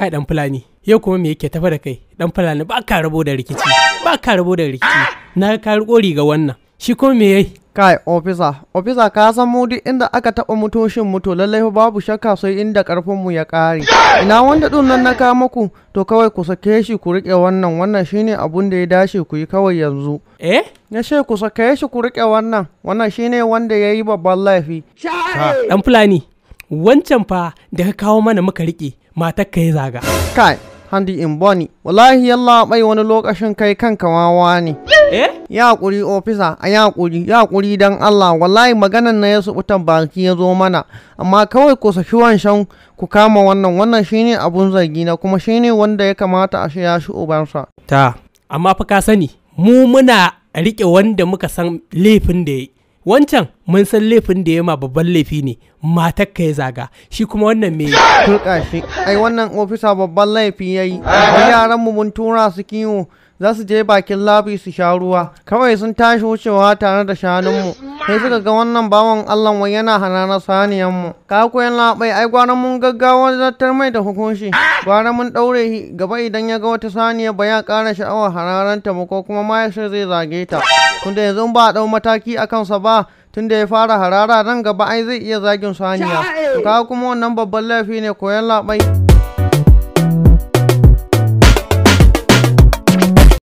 kai dan fulani yau kuma me yake tafa da kai dan fulani ba ka rabo da rikici ba ka rabo da rikici na ka riko riga wannan shi kuma me yayi kai ofisa ofisa ka san mu duk inda aka taba mutoshin muto to lallai babu shakka sai inda karfin mu ya kare ina wanda din nan na ka muku to kawai ku sake shi ku rike wannan wannan shine abun da ya dace ku yi kawai yanzu eh na she ku sake shi ku rike wannan wannan shine wanda yayi babban laifi dan fulani wancan fa da ka kawo mana muka rike matar ka ya zaga kai handi in boni wallahi yalla bai wani lokacin kai kanka wawa ne eh ya kuri ofisa a ya kuri ya kuri dan Allah wallahi maganan na ya subuta baki ya zo mana amma kawai ku saki wanshan ku kama wannan wannan shine abun zargi na kuma shine wanda ya kamata a shi ya shi ubansa ta amma fa ka sani mu muna rike wanda muka san laifin da yayi wancan mun san laifin da ya ma babban laifi ne matar ka ya zaga shi kuma wannan me turka shi ai wannan ofisa babban laifi yayi yaran mu mun tura su kiwo za su je bakin labi su sha ruwa kawai sun tashi wucewa tare da shanun mu sai suka ga wannan bawan allah wai yana hana na saniyanmu ka koyan labai ai gwara mun gaggawa zartar mai da hukunci gwara mun daure gaba idan ya ga wata saniya ba ya kara sha'awar hararanta ba ko kuma ma zai zage ta tunda yanzu ba a ɗau mataki a kansa ba tunda ya fara harara nan gaba ai zai iya zagin saniya hanya kuma wannan babban laifi ne koyon labai.